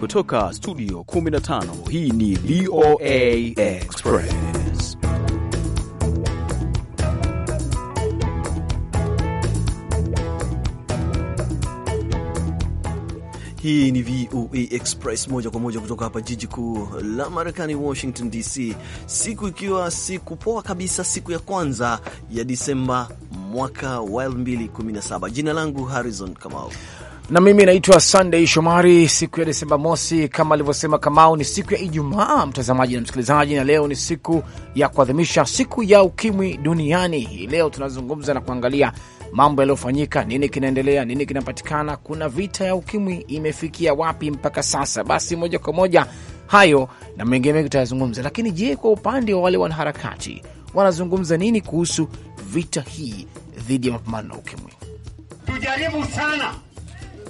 Kutoka studio 15 hii ni VOA Express. Hii ni VOA Express moja kwa moja kutoka hapa jiji kuu la Marekani, Washington DC, siku ikiwa siku poa kabisa, siku ya kwanza ya Disemba mwaka wa 2017. Jina langu Harrison Kamau na mimi naitwa Sunday Shomari. Siku ya Desemba mosi, kama alivyosema Kamau, ni siku ya Ijumaa, mtazamaji na msikilizaji, na leo ni siku ya kuadhimisha siku ya ukimwi duniani. Hii leo tunazungumza na kuangalia mambo yaliyofanyika, nini kinaendelea, nini kinapatikana, kuna vita ya ukimwi imefikia wapi mpaka sasa. Basi moja kwa moja hayo na mengine mengi tutayazungumza, lakini je, kwa upande wa wale wanaharakati wanazungumza nini kuhusu vita hii dhidi ya mapambano na ukimwi? Tujaribu sana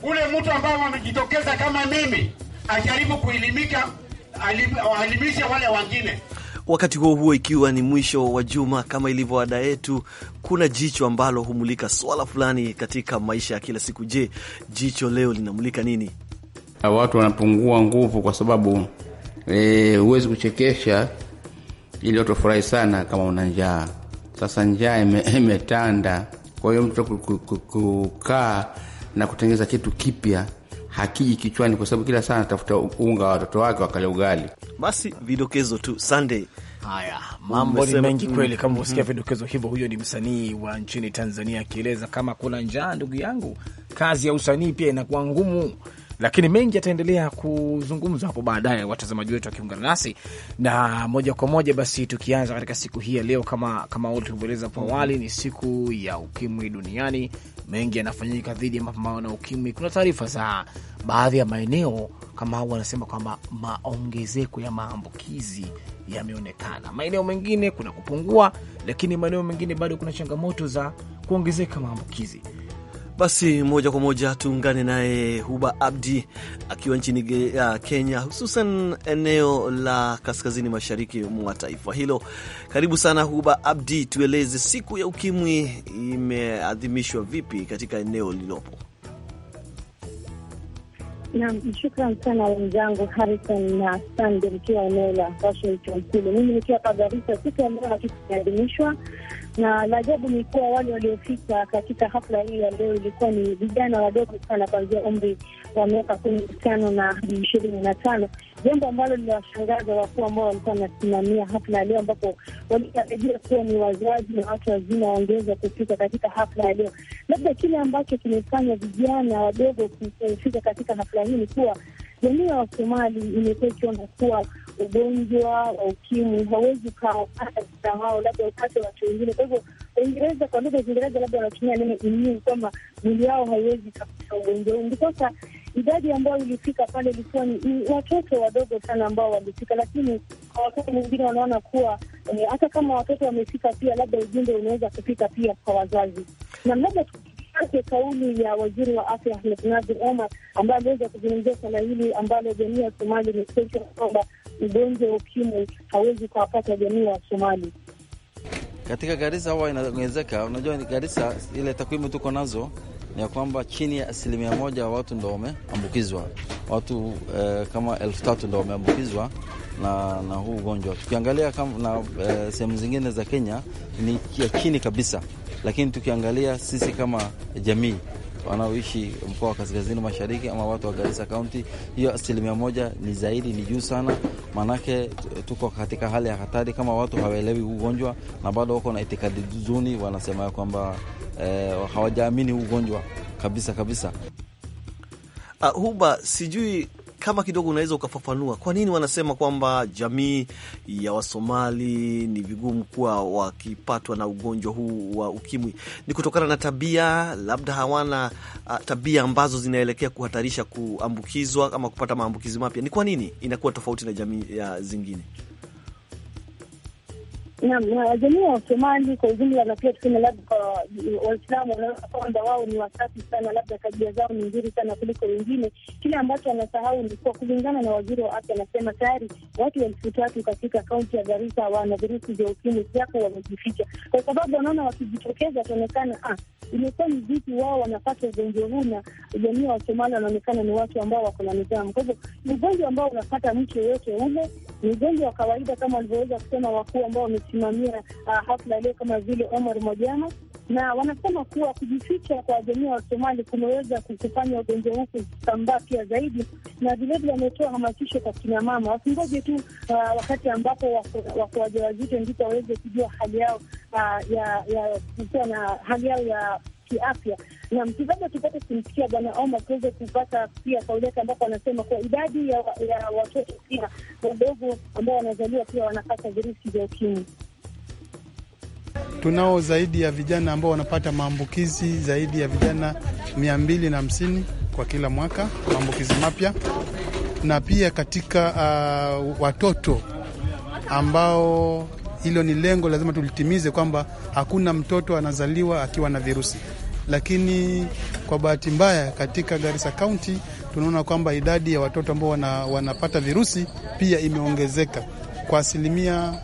ule mtu ambao amejitokeza kama mimi ajaribu kuelimika, waelimishe wale wengine. Wakati huo huo, ikiwa ni mwisho wa juma, kama ilivyo ada yetu, kuna jicho ambalo humulika swala fulani katika maisha ya kila siku. Je, jicho leo linamulika nini? Watu wanapungua nguvu kwa sababu eh, huwezi e, kuchekesha ili watu wafurahi sana kama una njaa. Sasa njaa imetanda, kwa hiyo mtu kukaa na kutengeneza kitu kipya hakiji kichwani, kwa sababu kila saa anatafuta unga wa watoto wake wakale ugali. Basi vidokezo tu Sunday. Haya, mambo ni mengi kweli, kama usikia mm-hmm. vidokezo hivyo. Huyo ni msanii wa nchini Tanzania akieleza kama kuna njaa, ndugu yangu, kazi ya usanii pia inakuwa ngumu lakini mengi yataendelea kuzungumzwa hapo baadaye, watazamaji wetu wakiungana nasi na moja kwa moja. Basi tukianza katika siku hii ya leo, kama kama wote tulivyoeleza hapo awali, ni siku ya ukimwi duniani. Mengi yanafanyika dhidi ya mapambano na ukimwi. Kuna taarifa za baadhi ya maeneo kama hao wanasema kwamba maongezeko ya maambukizi yameonekana maeneo mengine kuna kupungua, lakini maeneo mengine bado kuna changamoto za kuongezeka maambukizi. Basi moja kwa moja tuungane naye Huba Abdi akiwa nchini ah, Kenya, hususan eneo la kaskazini mashariki mwa taifa hilo. Karibu sana Huba Abdi, tueleze siku ya ukimwi imeadhimishwa vipi katika eneo lilopo? Naam, shukran sana wenzangu Harrison na Sande mkiwa eneo la Washington kule, mimi nikiwa hapa Garissa. Siku ambayo kiadhimishwa na la ajabu ni kuwa wale waliofika katika hafla hii ya leo ilikuwa ni vijana wadogo sana, kuanzia umri wa miaka kumi na tano na ishirini na tano jambo ambalo linawashangaza wakuu ambao walikuwa wanasimamia hafla ya leo, ambapo walitarajia kuwa ni wazazi na watu wazima waongeza kufika katika hafla ya leo. Labda kile ambacho kimefanya vijana wadogo kufika katika hafla hii ni kuwa jamii ya Wasomali imekuwa ikiona kuwa ugonjwa wa ukimwi hauwezi ukapata na wao, labda upate watu wengine. Kwa hivyo Waingereza, kwa lugha ya Kiingereza labda wanatumia neno immune, kwamba mwili wao haiwezi kabisa ugonjwa huu. Ndiposa idadi ambayo ilifika pale ilikuwa ni watoto wadogo sana ambao walifika, lakini kwa wakati mwingine wanaona kuwa eh, hata e, kama watoto wamefika pia, labda ujumbe unaweza kufika pia kwa wazazi na labda ake kauli ya waziri wa afya Ahmed Nazir Omar ambaye aliweza kuzungumzia swala hili ambalo jamii ya Somali ni kwamba ugonjwa wa ukimwi hawezi kuwapata jamii ya Somali. Katika garisa huwa inaongezeka. Unajua garisa ile takwimu tuko nazo ni ya kwamba chini ya asilimia moja wa watu ndo wameambukizwa watu eh, kama elfu tatu ndo wameambukizwa na, na huu ugonjwa. Tukiangalia na eh, sehemu zingine za Kenya ni ya chini kabisa, lakini tukiangalia sisi kama jamii wanaoishi mkoa wa kaskazini mashariki ama watu wa Garissa kaunti Hiyo asilimia moja ni zaidi, ni juu sana, maanake eh, tuko katika hali ya hatari kama watu hawaelewi ugonjwa na bado wako na itikadi zuni, wanasema ya kwamba eh, hawajaamini ugonjwa kabisa kabisa. Uh, Huba, sijui kama kidogo unaweza ukafafanua kwa nini wanasema kwamba jamii ya Wasomali ni vigumu kuwa wakipatwa na ugonjwa huu wa ukimwi? Ni kutokana na tabia, labda hawana ah, tabia ambazo zinaelekea kuhatarisha kuambukizwa ama kupata maambukizi mapya. Ni kwa nini inakuwa tofauti na jamii ya zingine? Naam, jamii ya Wasomali kwa ujumla na pia tuseme labda kwa Waislamu wanaona kwamba wao ni wasafi sana, labda tabia zao ni nzuri sana kuliko wengine. Kile ambacho wanasahau ni kuwa, kulingana na waziri wa afya, anasema tayari watu elfu tatu katika kaunti ya Garissa wana virusi vya ukimwi, japo wamejificha, kwa sababu wanaona wakijitokeza ataonekana ah, imekuwa ni vipi wao wanapata ugonjwa huu, na jamii ya Wasomali wanaonekana ni watu ambao wako na nidhamu. Kwa hivyo ni ugonjwa ambao unapata mtu yoyote ule, ni ugonjwa wa kawaida kama walivyoweza kusema wakuu ambao wame kusimamia uh, hafla leo kama vile Omar Mojama, na wanasema kuwa kujificha kwa jamii ya Wasomali kumeweza kukufanya ugonjwa huu kusambaa pia zaidi, na vilevile wametoa hamasisho kwa kinamama wasingoje tu uh, wakati ambapo wako wajawazito ndipo waweze kujua hali yao uh, ya, ya, na hali yao ya kiafya, na msikilizaji akipata kumsikia Bwana Oma kuweza kupata pia kauli yake, ambapo anasema kuwa idadi ya, ya watoto pia wadogo ambao wanazaliwa pia wanapata virusi vya ukimwi. Tunao zaidi ya vijana ambao wanapata maambukizi zaidi ya vijana mia mbili na hamsini kwa kila mwaka maambukizi mapya, na pia katika uh, watoto ambao hilo ni lengo lazima tulitimize, kwamba hakuna mtoto anazaliwa akiwa na virusi lakini kwa bahati mbaya katika Garissa County tunaona kwamba idadi ya watoto ambao wana, wanapata virusi pia imeongezeka kwa asilimia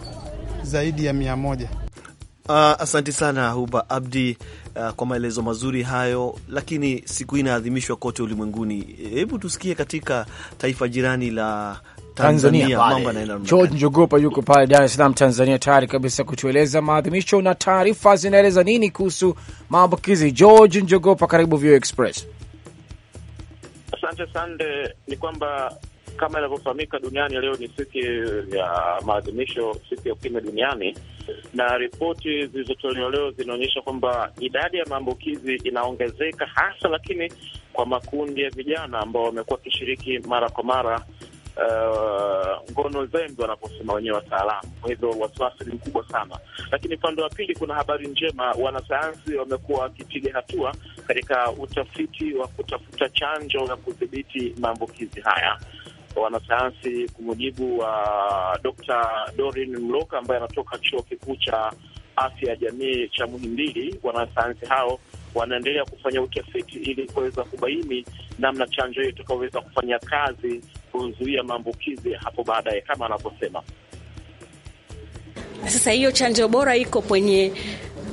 zaidi ya mia moja. Uh, ah, asanti sana Huba Abdi uh, kwa maelezo mazuri hayo. Lakini siku hii inaadhimishwa kote ulimwenguni. Hebu tusikie katika taifa jirani la Tanzania, Tanzania George Njogopa yuko pale Dar es Salaam Tanzania, tayari kabisa kutueleza maadhimisho na taarifa zinaeleza nini kuhusu maambukizi. George Njogopa, karibu VOA Express. Asante sande. Ni kwamba kama inavyofahamika duniani, leo ni siku ya maadhimisho, siku ya ukimwi duniani, na ripoti zilizotolewa leo zinaonyesha kwamba idadi ya maambukizi inaongezeka hasa, lakini kwa makundi ya vijana ambao wamekuwa wakishiriki mara kwa mara uh, ngono zembe wanaposema wenyewe wataalamu. Kwa hivyo wasiwasi ni mkubwa sana, lakini upande wa pili kuna habari njema. Wanasayansi wamekuwa wakipiga hatua katika utafiti wa kutafuta chanjo ya kudhibiti maambukizi haya wanasayansi kwa mujibu wa uh, Dr. Dorin Mloka ambaye anatoka chuo kikuu cha afya ya jamii cha Muhimbili. Wanasayansi hao wanaendelea kufanya utafiti ili kuweza kubaini namna chanjo hiyo itakaoweza kufanya kazi kuzuia maambukizi hapo baadaye, kama anavyosema. Sasa hiyo chanjo bora iko kwenye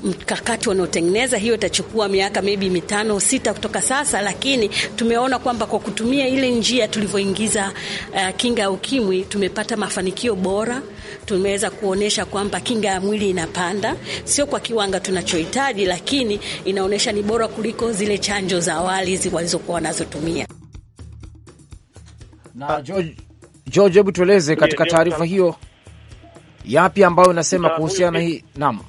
mkakati wanaotengeneza, hiyo itachukua miaka maybe mitano sita kutoka sasa, lakini tumeona kwamba kwa kutumia ile njia tulivyoingiza uh, kinga ya ukimwi tumepata mafanikio bora. Tumeweza kuonyesha kwamba kinga ya mwili inapanda, sio kwa kiwango tunachohitaji, lakini inaonyesha ni bora kuliko zile chanjo za awali walizokuwa wanazotumia na ah. George, George, hebu tueleze katika taarifa hiyo yapi ambayo unasema kuhusiana hii. Naam,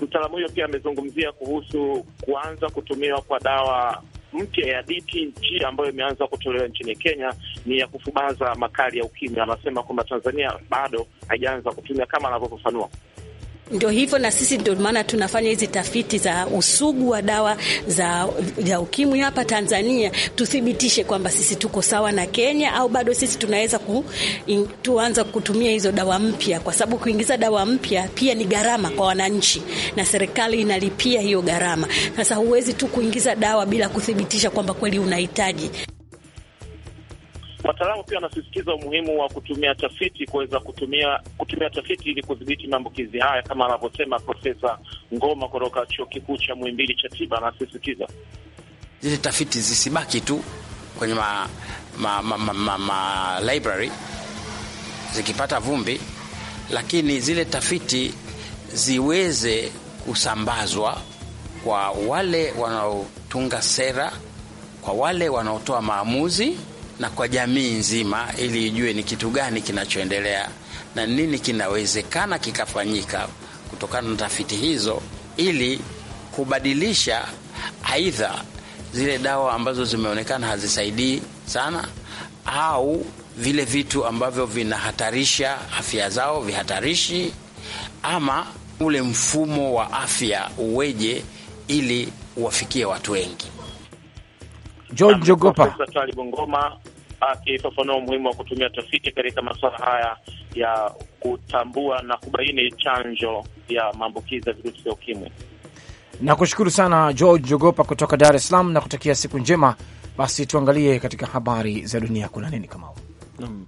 mtaalamu huyo pia amezungumzia kuhusu kuanza kutumiwa kwa dawa mpya ya DTG ambayo imeanza kutolewa nchini Kenya ni ya kufubaza makali ya ukimwi. Anasema kwamba Tanzania bado haijaanza kutumia kama anavyofafanua. Ndio hivyo, na sisi ndio maana tunafanya hizi tafiti za usugu wa dawa za, za ukimwi hapa Tanzania, tuthibitishe kwamba sisi tuko sawa na Kenya au bado sisi tunaweza ku, in, tuanza kutumia hizo dawa mpya, kwa sababu kuingiza dawa mpya pia ni gharama kwa wananchi na serikali inalipia hiyo gharama. Sasa huwezi tu kuingiza dawa bila kuthibitisha kwamba kweli unahitaji. Wataalamu pia wanasisitiza umuhimu wa kutumia tafiti kuweza kutumia kutumia tafiti ili kudhibiti maambukizi haya, kama anavyosema Profesa Ngoma kutoka chuo kikuu cha Muhimbili cha tiba. Anasisitiza zile tafiti zisibaki tu kwenye ma, ma, ma, ma, ma, ma library zikipata vumbi, lakini zile tafiti ziweze kusambazwa kwa wale wanaotunga sera, kwa wale wanaotoa maamuzi na kwa jamii nzima, ili ijue ni kitu gani kinachoendelea na nini kinawezekana kikafanyika kutokana na tafiti hizo, ili kubadilisha aidha zile dawa ambazo zimeonekana hazisaidii sana au vile vitu ambavyo vinahatarisha afya zao, vihatarishi ama ule mfumo wa afya uweje, ili uwafikie watu wengi. George Jogopa, Profesa Bongoma akifafanua umuhimu wa kutumia tafiti katika masuala haya ya kutambua na kubaini chanjo ya maambukizi ya virusi vya ukimwi. Nakushukuru sana George Jogopa kutoka Dar es Salaam na kutakia siku njema. Basi tuangalie katika habari za dunia kuna nini, Kamau? mm.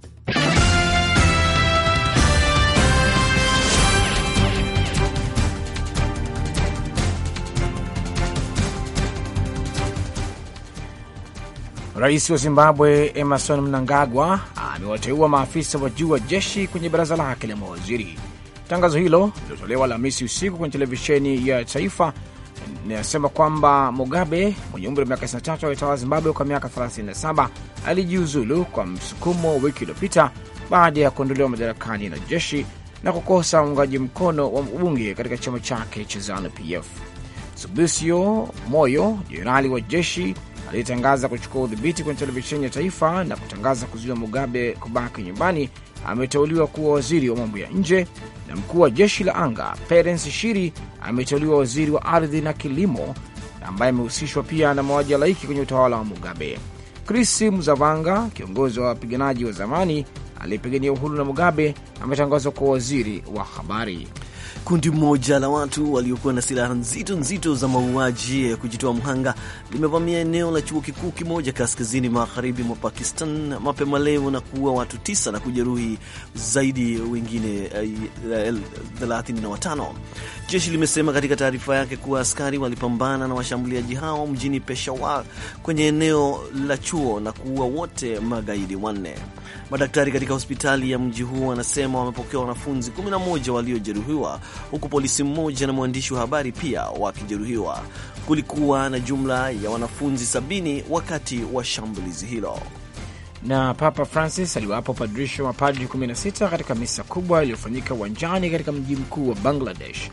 Rais wa Zimbabwe Emerson Mnangagwa amewateua maafisa wa juu wa jeshi kwenye baraza lake la mawaziri. Tangazo hilo lilotolewa Alhamisi usiku kwenye televisheni ya taifa inayosema kwamba Mugabe mwenye umri wa miaka 63 alitawala Zimbabwe kwa miaka 37 alijiuzulu kwa msukumo wiki iliyopita baada ya kuondolewa madarakani na jeshi na kukosa uungaji mkono wa bunge katika chama chake cha ZANU PF. Moyo, jenerali wa jeshi aliyetangaza kuchukua udhibiti kwenye televisheni ya taifa na kutangaza kuzuia Mugabe kubaki nyumbani, ameteuliwa kuwa waziri wa mambo ya nje, na mkuu wa jeshi la anga perens Shiri ameteuliwa waziri wa ardhi na kilimo, ambaye amehusishwa pia na mauaji ya laiki kwenye utawala wa Mugabe. Chris Muzavanga, kiongozi wa wapiganaji wa zamani aliyepigania uhuru na Mugabe, ametangazwa kuwa waziri wa habari. Kundi moja la watu waliokuwa na silaha nzito nzito za mauaji ya kujitoa mhanga limevamia eneo la chuo kikuu kimoja kaskazini magharibi mwa Pakistan mapema leo na kuua watu tisa na kujeruhi zaidi wengine 35. Eh, Jeshi limesema katika taarifa yake kuwa askari walipambana na washambuliaji hao mjini Peshawar kwenye eneo la chuo na kuua wote magaidi wanne. Madaktari katika hospitali ya mji huo wanasema wamepokea wanafunzi 11 waliojeruhiwa huku polisi mmoja na mwandishi wa habari pia wakijeruhiwa. Kulikuwa na jumla ya wanafunzi sabini wakati wa shambulizi hilo. Na Papa Francis aliwapa upadirisho wa padri 16 katika misa kubwa iliyofanyika uwanjani katika mji mkuu wa Bangladesh.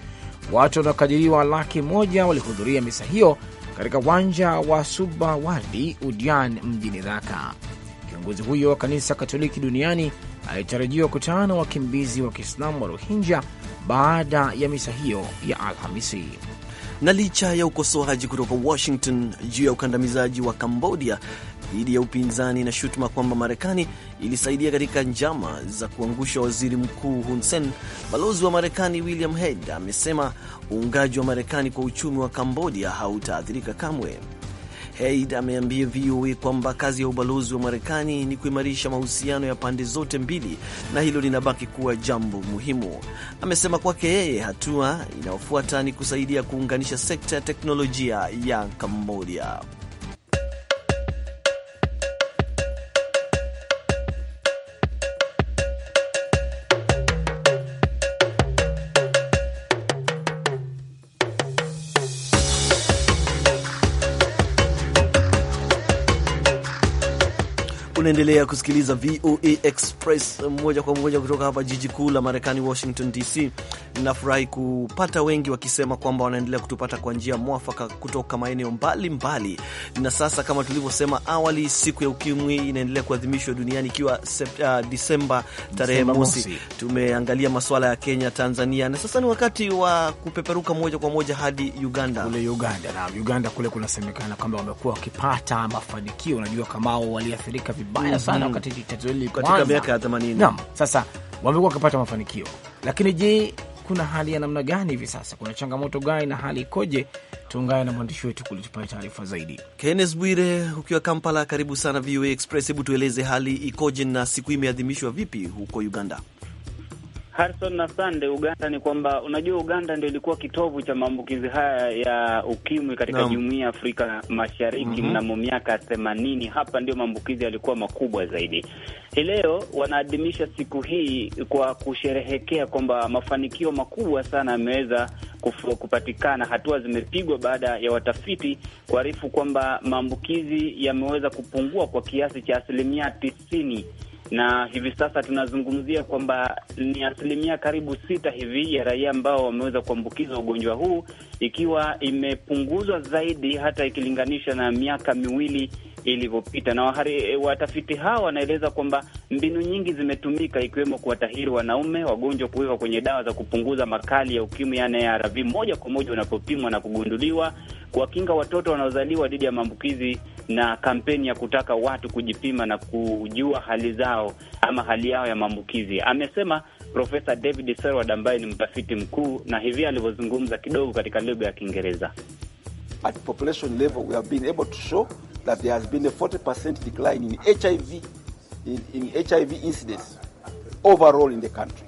Watu wanaokadiriwa laki moja walihudhuria misa hiyo katika uwanja wa Subawardi Udian mjini Dhaka. Kiongozi huyo wa kanisa Katoliki duniani alitarajiwa kutana na wakimbizi wa Kiislamu wa Rohingya baada ya misa hiyo ya Alhamisi. Na licha ya ukosoaji kutoka Washington juu ya ukandamizaji wa Kambodia dhidi ya upinzani na shutuma kwamba Marekani ilisaidia katika njama za kuangusha waziri mkuu Hun Sen, balozi wa Marekani William hed amesema uungaji wa Marekani kwa uchumi wa Kambodia hautaathirika kamwe. Heid ameambia VOA kwamba kazi ya ubalozi wa Marekani ni kuimarisha mahusiano ya pande zote mbili na hilo linabaki kuwa jambo muhimu. Amesema kwake yeye hatua inayofuata ni kusaidia kuunganisha sekta ya teknolojia ya Kambodia. unaendelea kusikiliza VOA Express moja kwa moja kutoka hapa jiji kuu la Marekani, Washington DC. Nafurahi kupata wengi wakisema kwamba wanaendelea kutupata kwa njia mwafaka kutoka maeneo mbalimbali. Na sasa kama tulivyosema awali, siku ya ukimwi inaendelea kuadhimishwa duniani ikiwa uh, Disemba tarehe mosi. Tumeangalia masuala ya Kenya, Tanzania na sasa ni wakati wa kupeperuka moja kwa moja hadi Uganda, kule Uganda na Uganda kule kunasemekana kwamba wamekuwa wakipata mafanikio. Unajua kamao waliathirika vibaya mbaya sana mm-hmm. wakati tatizo hili katika miaka ya 80. Naam, sasa wamekuwa wakipata mafanikio, lakini je, kuna hali ya namna gani hivi sasa? Kuna changamoto gani na hali ikoje? Tuungane na mwandishi wetu kulitupa taarifa zaidi. Kennes Bwire, ukiwa Kampala, karibu sana VOA Express. Hebu tueleze hali ikoje na siku hii imeadhimishwa vipi huko Uganda? Harrison na Sande, Uganda ni kwamba unajua, Uganda ndio ilikuwa kitovu cha maambukizi haya ya ukimwi katika no. jumuiya ya Afrika Mashariki mm -hmm. mnamo miaka themanini. Hapa ndio maambukizi yalikuwa makubwa zaidi. Hii leo wanaadhimisha siku hii kwa kusherehekea kwamba mafanikio makubwa sana yameweza kupatikana, hatua zimepigwa baada ya watafiti kuarifu kwamba maambukizi yameweza kupungua kwa kiasi cha asilimia tisini na hivi sasa tunazungumzia kwamba ni asilimia karibu sita hivi ya raia ambao wameweza kuambukizwa ugonjwa huu, ikiwa imepunguzwa zaidi hata ikilinganisha na miaka miwili ilivyopita, na wahari, e, watafiti hawa wanaeleza kwamba mbinu nyingi zimetumika ikiwemo kuwatahiri wanaume wagonjwa, kuwekwa kwenye dawa za kupunguza makali ya ukimwi, yaani ARV, moja kwa moja unapopimwa na kugunduliwa, kuwakinga watoto wanaozaliwa dhidi ya maambukizi, na kampeni ya kutaka watu kujipima na kujua hali zao ama hali yao ya maambukizi, amesema Profesa David Serwad ambaye ni mtafiti mkuu, na hivi alivyozungumza kidogo katika lugha ya Kiingereza at population level we have been able to show that there has been a 40% decline in HIV, in, in HIV incidence overall in the country.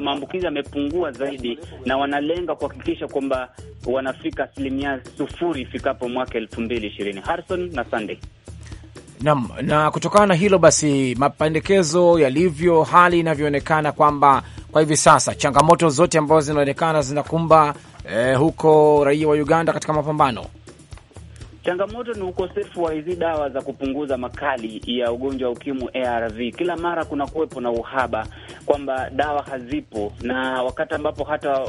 Maambukizi yamepungua zaidi na wanalenga kuhakikisha kwamba wanafika asilimia sufuri ifikapo mwaka elfu mbili ishirini. Harrison na Sunday. Naam, na kutokana na hilo basi, mapendekezo yalivyo, hali inavyoonekana kwamba kwa hivi sasa changamoto zote ambazo zinaonekana zinakumba eh, huko raia wa Uganda katika mapambano. Changamoto ni ukosefu wa hizi dawa za kupunguza makali ya ugonjwa wa ukimwi ARV. Kila mara kuna kuwepo na uhaba kwamba dawa hazipo, na wakati ambapo hata wa,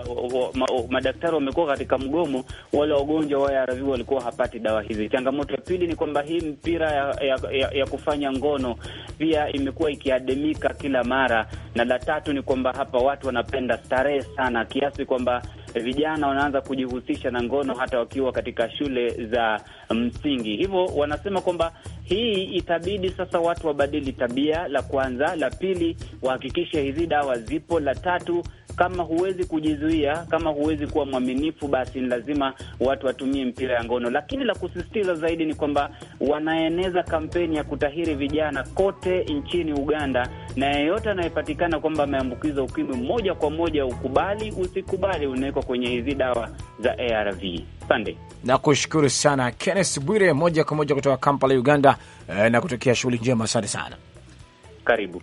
wa, wa, madaktari wamekuwa katika mgomo, wale wagonjwa wa ARV walikuwa hapati dawa hizi. Changamoto ya pili ni kwamba hii mpira ya, ya, ya, ya kufanya ngono pia imekuwa ikiadimika kila mara, na la tatu ni kwamba hapa watu wanapenda starehe sana kiasi kwamba vijana wanaanza kujihusisha na ngono hata wakiwa katika shule za msingi. Hivyo wanasema kwamba hii itabidi sasa watu wabadili tabia, la kwanza. La pili, wahakikishe hizi dawa zipo. La tatu kama huwezi kujizuia, kama huwezi kuwa mwaminifu, basi ni lazima watu watumie mpira ya ngono. Lakini la kusisitiza zaidi ni kwamba wanaeneza kampeni ya kutahiri vijana kote nchini Uganda na yeyote anayepatikana kwamba ameambukizwa ukimwi, moja kwa moja, ukubali usikubali, unawekwa kwenye hizi dawa za ARV. Sande, nakushukuru sana Kennes Bwire, moja kwa moja kutoka Kampala, Uganda, eh, na kutokea shughuli njema. Asante sana, karibu.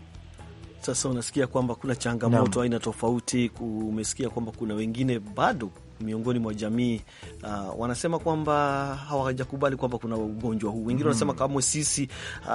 Sasa unasikia kwamba kuna changamoto aina tofauti. Umesikia kwamba kuna wengine bado miongoni mwa jamii uh, wanasema kwamba hawajakubali kwamba kuna ugonjwa huu. Wengine wanasema mm, mm-hmm. kama sisi uh,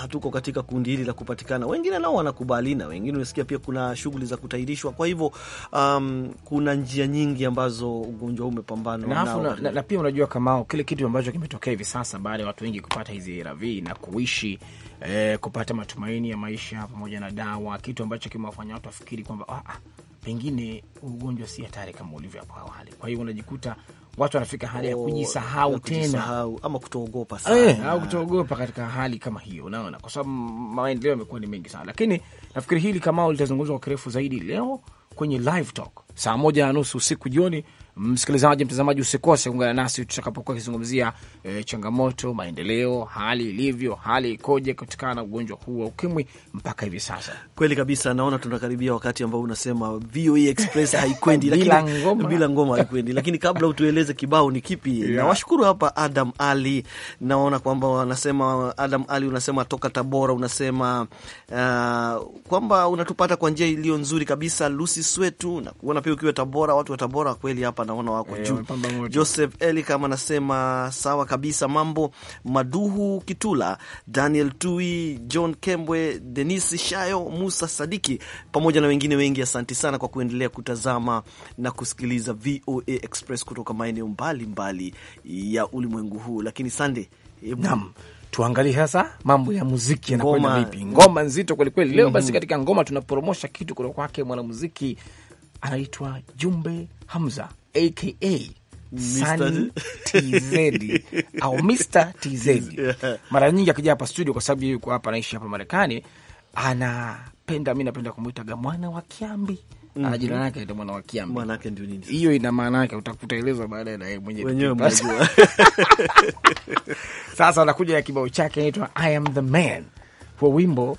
hatuko katika kundi hili la kupatikana. Wengine nao wanakubali, na wengine unasikia pia kuna shughuli za kutahirishwa. Kwa hivyo um, kuna njia nyingi ambazo ugonjwa huu umepambana na, na, na, na, pia unajua kama kile kitu ambacho kimetokea hivi sasa baada ya watu wengi kupata hizi ARV na kuishi eh, kupata matumaini ya maisha pamoja na dawa, kitu ambacho kimewafanya watu wafikiri kwamba ah, ah pengine ugonjwa si hatari kama ulivyo hapo awali. Kwa hiyo unajikuta watu wanafika hali ya kujisahau oh, tena ama kutoogopa eh, sana, au kutoogopa katika hali kama hiyo, unaona, kwa sababu maendeleo yamekuwa ni mengi sana. Lakini nafikiri hili kama litazungumzwa kwa kirefu zaidi leo kwenye live talk saa moja na nusu usiku jioni Msikilizaji, mtazamaji, usikose kuungana nasi tutakapokuwa kizungumzia e, eh, changamoto, maendeleo, hali ilivyo, hali ikoje kutokana na ugonjwa huu wa ukimwi mpaka hivi sasa. Kweli kabisa, naona tunakaribia wakati ambao unasema VOA e Express haikwendi bila ngoma, bila ngoma haikwendi. Lakini kabla utueleze kibao ni kipi? Yeah. Nawashukuru hapa Adam Ali, naona kwamba wanasema Adam Ali, unasema toka Tabora, unasema uh, kwamba unatupata kwa njia iliyo nzuri kabisa. Lucy Swetu na kuona pia ukiwa Tabora, watu wa Tabora kweli hapa hapa naona wako e, juu. Joseph Eli kama anasema sawa kabisa mambo. Maduhu Kitula, Daniel Tui, John Kembwe, Denis Shayo, Musa Sadiki pamoja na wengine wengi, asanti sana kwa kuendelea kutazama na kusikiliza VOA Express kutoka maeneo mbalimbali ya ulimwengu huu. Lakini sande nam tuangalie sasa mambo ya muziki yanakwenda vipi? Ngoma nzito kwelikweli leo. mm -hmm. Basi katika ngoma tunapromosha kitu kutoka kwake mwanamuziki anaitwa Jumbe Hamza aka au Mr TZ Mara nyingi akija hapa studio, kwa sababu yuko hapa, anaishi hapa Marekani, anapenda mi napenda kumwitaga mwana wa Kiambi. Mm -hmm. Jina lake ndio mwana wa Kiambi. Mwanake ndio nini? Hiyo ina maana yake utakutaelezwa baadaye na yeye mwenyewe. Wenyewe mnajua. Sasa anakuja na kibao chake inaitwa I am the man. Kwa wimbo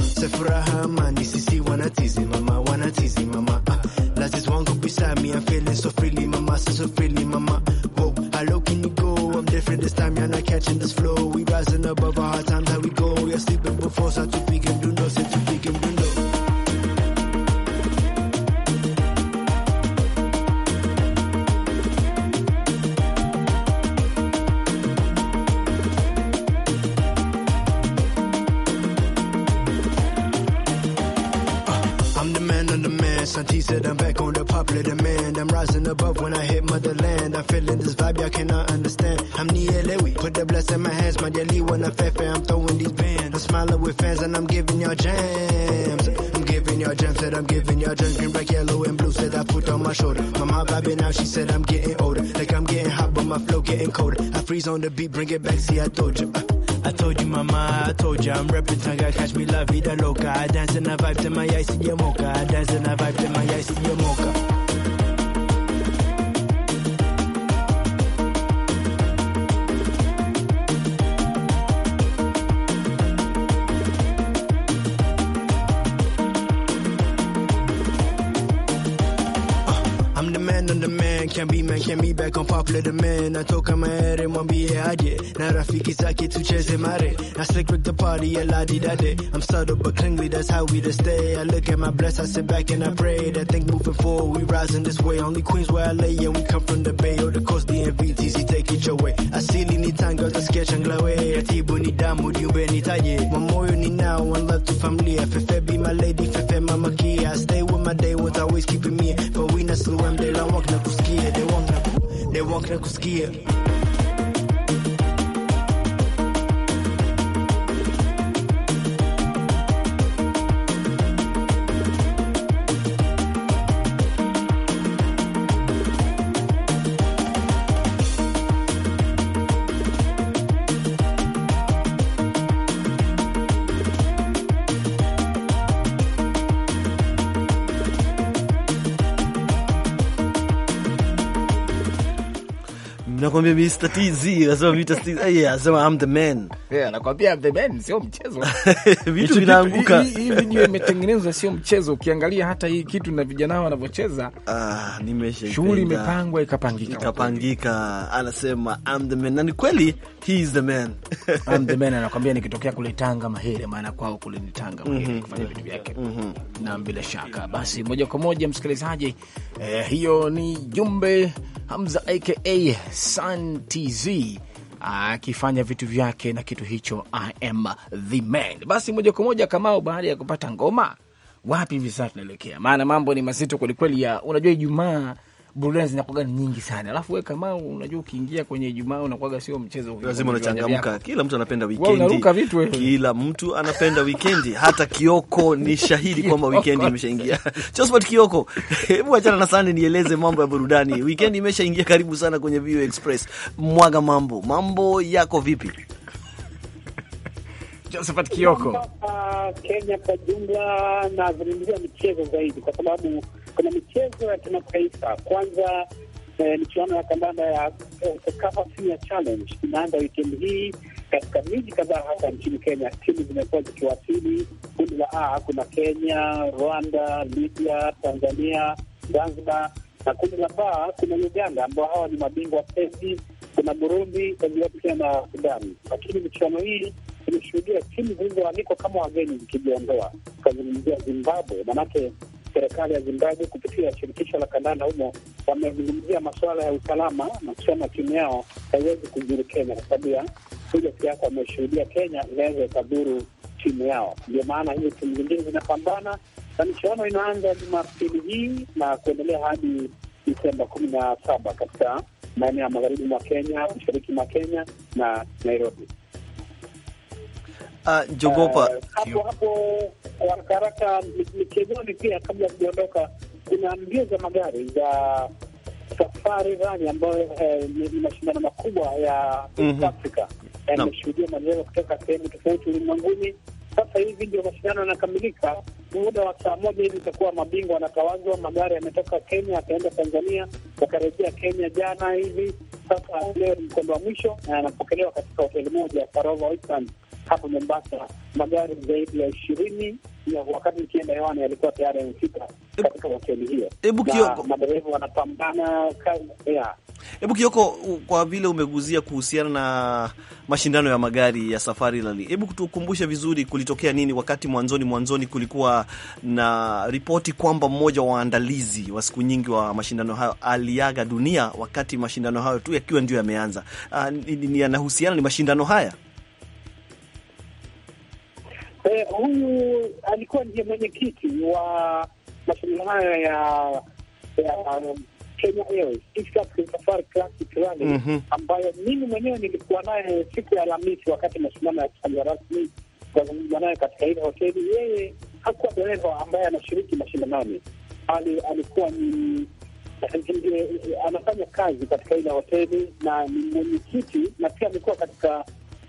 furaha mani sisi wanatizi mama wanatizi mama uh, ah. laziz wangu pisa me I'm feeling so freely mama so, so freely mama rising above when I hit motherland. I'm feeling this vibe, y'all cannot understand. I'm Nielewi, put the bless in my hands. My daily when I'm fair, I'm throwing these bands. I'm smiling with fans and I'm giving y'all jams. I'm giving y'all jams, said I'm giving y'all jams. Green, black, yellow, and blue, said I put on my shoulder. Mama vibing out, she said I'm getting older. Like I'm getting hot, but my flow getting colder. I freeze on the beat, bring it back, see I told you. Uh, I told you, mama, I told you, I'm reppin' Tanga, catch me la vida loca. I dance and I vibe to my ice in your mocha. I dance and I vibe to my ice in your mocha. Nikiambi back on popular demand natoka maere mwambie aje na rafiki zake tucheze mare I slick with the party a la di da day I'm subtle but cleanly that's how we to stay I look at my bless I sit back and I pray that think moving forward we rising this way only Queens where I lay and we come from the bay or the coast DMV TZ take it your way asili ni tanga utasikia changlawe atibu ni damu diumbe nitaje mamoyo ni now one love to familia fefe be my lady fefe mama kia I stay with my day was always keeping me but we slow sluem they la walk na kusikia they walk na They walk kusikia anakwambia Mr TZ, anasema Mr TZ, eh, anasema I'm the man. Yeah, anakwambia I'm the man, sio mchezo. Vitu vinaanguka. Hii video imetengenezwa sio mchezo. Ukiangalia hata hii kitu na vijana hao wanavyocheza, ah, nimeshaipenda. Shughuli imepangwa ikapangika. Ikapangika. Anasema I'm the man. Na ni kweli he is the man. I'm the man anakwambia nikitokea kule Tanga Mahere, maana kwao kule ni Tanga Mahere mhm. kufanya vitu vyake. Mhm. Na bila shaka basi moja kwa moja msikilizaji, eh, hiyo ni Jumbe Hamza aka Sun TZ akifanya vitu vyake na kitu hicho I am the man. Basi moja kwa moja kamau baada ya kupata ngoma, wapi hivi sasa tunaelekea? Maana mambo ni mazito kwelikweli ya unajua, Ijumaa burudani zinakuwa ni nyingi sana. Alafu wewe kama unajua ukiingia kwenye Ijumaa unakuwa sio mchezo, lazima unachangamka. Kila mtu anapenda weekend, kila mtu anapenda weekend. Hata Kioko ni shahidi kwamba weekend imeshaingia. Josephat Kioko, hebu achana na Sunday, nieleze mambo ya burudani. Weekend imeshaingia karibu sana kwenye View Express. Mwaga mambo, mambo yako vipi? Josephat Kioko, Kenya kwa jumla na zungumzia michezo zaidi kwa sababu kuna michezo ya kimataifa. Kwanza eh, michuano ya kandanda ya COSACAFA Senior Challenge inaanza wikendi hii katika miji kadhaa hapa nchini Kenya. Timu zimekuwa zikiwasili. Kundi la A kuna Kenya, Rwanda, Libya, Tanzania, Zanzibar na kundi la ba kuna Uganda ambao hawa ni mabingwa pesi, kuna Burundi, Ethiopia na Sudani. Lakini michuano hii imeshuhudia timu zilizoalikwa kama wageni zikijiondoa. Tukazungumzia Zimbabwe, manake serikali ya Zimbabwe kupitia shirikisho la kandanda humo wamezungumzia masuala ya usalama na kusema timu yao haiwezi kudhuru Kenya kwa sababu ya kuja siasa wameshuhudia Kenya inaweza ikadhuru timu yao. Ndio maana hizi timu zingine zinapambana na michuano inaanza Jumapili hii na kuendelea hadi Disemba kumi na saba katika maeneo ya magharibi mwa Kenya, mashariki mwa Kenya na Nairobi. Uh, ah, jogopa uh, eh, hapo hapo haraka haraka michezoni pia, kabla sijaondoka, kuna mbio za magari za Safari rani ambayo eh, ni mashindano makubwa ya mhm. Afrika yanashuhudia eh, madereva kutoka sehemu tofauti ulimwenguni. Sasa hivi ndio mashindano yanakamilika, muda wa saa moja hivi itakuwa mabingwa wanatawazwa. Magari yametoka Kenya yakaenda Tanzania yakarejea Kenya jana hivi. Sasa leo ni mkondo wa mwisho na yanapokelewa katika hoteli moja Sarova Westlands hapo Mombasa magari zaidi ya ishirini ya wakati nikienda hewani yalikuwa tayari yamefika katika hoteli hiyo. Hebu Kioko, madereva wanapambana ya hebu Kioko, kwa vile umeguzia kuhusiana na mashindano ya magari ya safari lali, hebu tukumbushe vizuri kulitokea nini wakati mwanzoni mwanzoni kulikuwa na ripoti kwamba mmoja wa waandalizi wa siku nyingi wa mashindano hayo aliaga dunia wakati mashindano hayo tu yakiwa ndio yameanza. Ah, yanahusiana ni mashindano haya Eh, huyu alikuwa ndiye mwenyekiti wa mashindano haya ya um, Kenya Airways Safari Classic Rally mhm. ambayo mimi mwenyewe nilikuwa naye siku ya Alhamisi wakati mashindano yakifanywa rasmi, kazungumza naye katika ile hoteli. Yeye hakuwa dereva ambaye anashiriki mashindanoni, bali alikuwa ni eh, eh, anafanya kazi katika ile hoteli na ni mwenyekiti, na pia alikuwa katika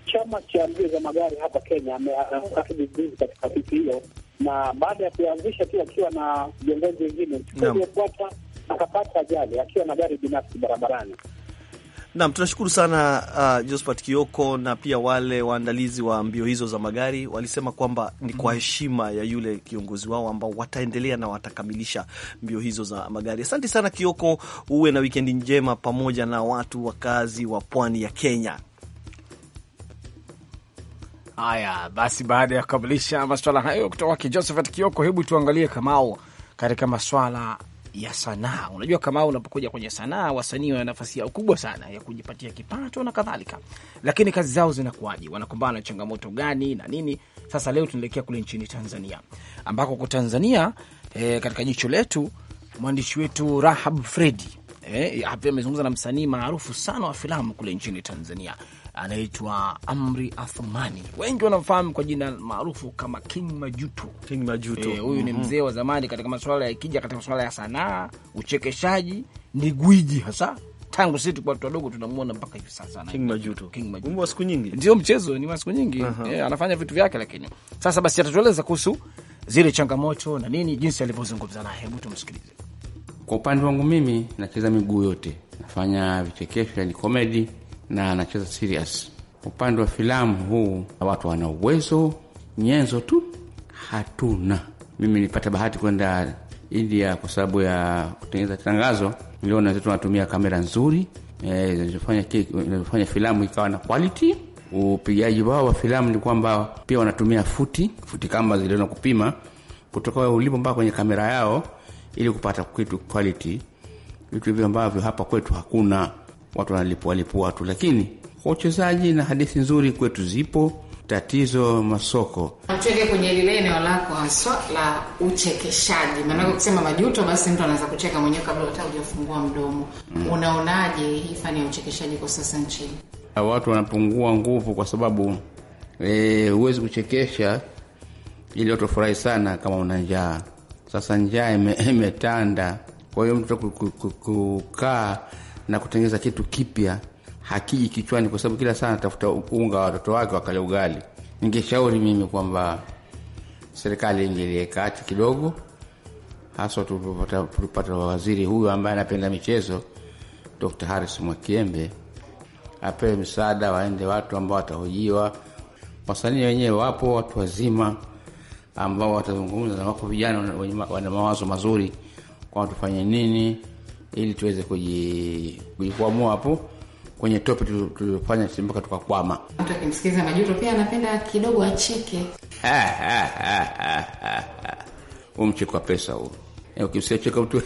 chama cha mbio za magari hapa Kenya ameratibu katika siku hiyo, na baada ya kuanzisha tu akiwa na viongozi wengine, siku iliyofuata akapata ajali akiwa na gari binafsi barabarani. Naam, tunashukuru sana uh, Josephat Kioko na pia wale waandalizi wa mbio hizo za magari walisema kwamba ni kwa mm-hmm. heshima ya yule kiongozi wao ambao wataendelea na watakamilisha mbio hizo za magari. Asante sana Kioko, uwe na wikendi njema pamoja na watu wakazi wa pwani ya Kenya. Haya basi, baada ya kukamilisha maswala hayo kutoka kwake Josephat Kioko, hebu tuangalie Kamau katika maswala ya sanaa. Unajua Kamau, unapokuja kwenye sanaa, wasanii wana nafasi yao kubwa sana ya kujipatia kipato na kadhalika, lakini kazi zao zinakuwaje? Wanakumbana na changamoto gani na nini? Sasa leo tunaelekea kule nchini Tanzania, ambako kwa Tanzania e, katika jicho letu mwandishi wetu Rahab Fredi e, amezungumza na msanii maarufu sana wa filamu kule nchini Tanzania anaitwa Amri Athmani, wengi wanamfahamu kwa jina maarufu kama King Majuto. King Majuto eh, huyu e, ni mm-hmm. mzee wa zamani katika masuala ya kija, katika masuala ya sanaa, uchekeshaji, ni gwiji hasa tangu sisi tukuwa watu wadogo tunamwona mpaka hivi sasa. King Majuto, King Majuto, wa siku nyingi, ndio mchezo ni wa siku nyingi. uh -huh. E, anafanya vitu vyake, lakini sasa basi atatueleza kuhusu zile changamoto na nini, jinsi alivyozungumza naye. Hebu tumsikilize. Kwa upande wangu mimi nacheza miguu yote, nafanya vichekesho, yani komedi na anacheza serious. Upande wa filamu huu, watu wana uwezo, nyenzo tu hatuna. Mimi nipata bahati kwenda India kwa sababu ya kutengeneza tangazo. Niliona wenzetu wanatumia kamera nzuri eh, inazofanya e, filamu ikawa na quality. Upigaji wao wa filamu ni kwamba pia wanatumia futi futi kamba ziliona kupima kutoka ulipo mpaka kwenye kamera yao ili kupata kitu quality, vitu hivyo ambavyo hapa kwetu hakuna watu wanalipualipua lipua tu, lakini uchezaji na hadithi nzuri kwetu zipo. Tatizo masoko tuweke kwenye lile eneo lako haswa la uchekeshaji, maanake mm. kusema majuto, basi mtu anaweza kucheka mwenyewe kabla hata hujafungua mdomo mm. Unaonaje hii fani ya uchekeshaji kwa sasa nchini? Watu wanapungua nguvu kwa sababu e, huwezi e, kuchekesha ili watu wafurahi sana kama una njaa. Sasa njaa imetanda, kwa hiyo mtu kukaa na kutengeneza kitu kipya hakiji kichwani, kwa sababu kila saa anatafuta unga wa watoto wake wakale ugali. Ningeshauri mimi kwamba serikali ingilie kati kidogo, haswa tulipata waziri huyu ambaye anapenda michezo, Dr. Harris Mwakiembe, apewe msaada, waende watu ambao watahojiwa. Wasanii wenyewe wapo, watu wazima ambao watazungumza, na wako vijana wana mawazo mazuri kwa tufanye nini ili tuweze kujikwamua hapo kwenye tope tuliofanya mpaka tukakwama. Mtu akimsikiliza Majuto pia anapenda kidogo acheke. Huu mcheko wa pesa huu, eh, ukimsikia cheka mtu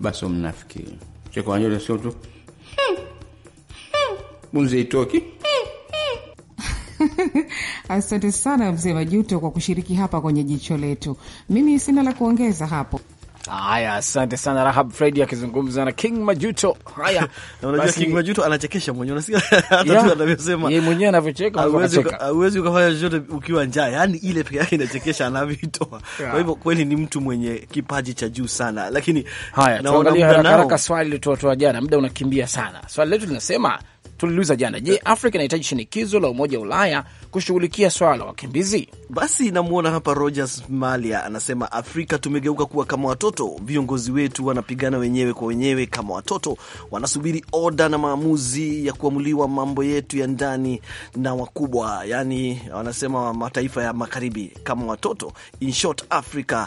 basi mnafiki. Cheko wa Majuto sio tu bunzi itoki Asante sana mzee Majuto kwa kushiriki hapa kwenye jicho letu. Mimi sina la kuongeza hapo. Haya, asante sana Rahab Fredi akizungumza na King Majuto. Haya, na unajua King Majuto anachekesha mwenyewe, unasikia hata tu anavyosema yeye mwenyewe anavyocheka, hauwezi ukafanya chochote ukiwa njaa, yaani ile peke yake inachekesha anavyoitoa. Kwa hivyo kweli ni mtu mwenye kipaji cha juu sana, lakini haya, haraka swali lililotolewa jana, muda unakimbia sana. Swali letu linasema tuliuliza jana, je, eh. Afrika inahitaji shinikizo la Umoja wa Ulaya kushughulikia swala la wakimbizi? Basi namwona hapa Rogers Malia anasema, Afrika tumegeuka kuwa kama watoto, viongozi wetu wanapigana wenyewe kwa wenyewe kama watoto, wanasubiri oda na maamuzi ya kuamuliwa mambo yetu ya ndani na wakubwa, yani wanasema mataifa ya magharibi kama watoto. In short uh,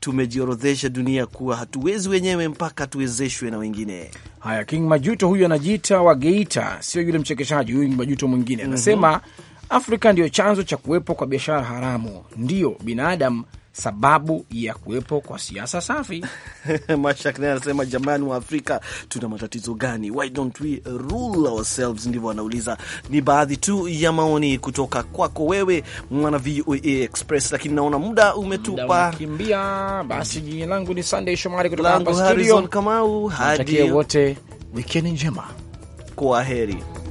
tumejiorodhesha dunia kuwa hatuwezi wenyewe mpaka tuwezeshwe na wengine. Haya, King Majuto huyu anajiita wa Geita, sio yule mchekeshaji huyu, Majuto mwingine anasema, mm -hmm. Afrika ndiyo chanzo cha kuwepo kwa biashara haramu, ndiyo binadamu sababu ya kuwepo kwa siasa safi. Mashak naye anasema jamani, wa Afrika tuna matatizo gani? Why don't we rule ourselves? Ndivyo anauliza. Ni baadhi tu ya maoni kutoka kwako wewe mwana VOA Express, lakini naona muda umetupa kimbia. Basi jina langu ni Sunday Shomari kutoka hapa studio Kamau. Hadi wote, wikendi njema, kwa heri.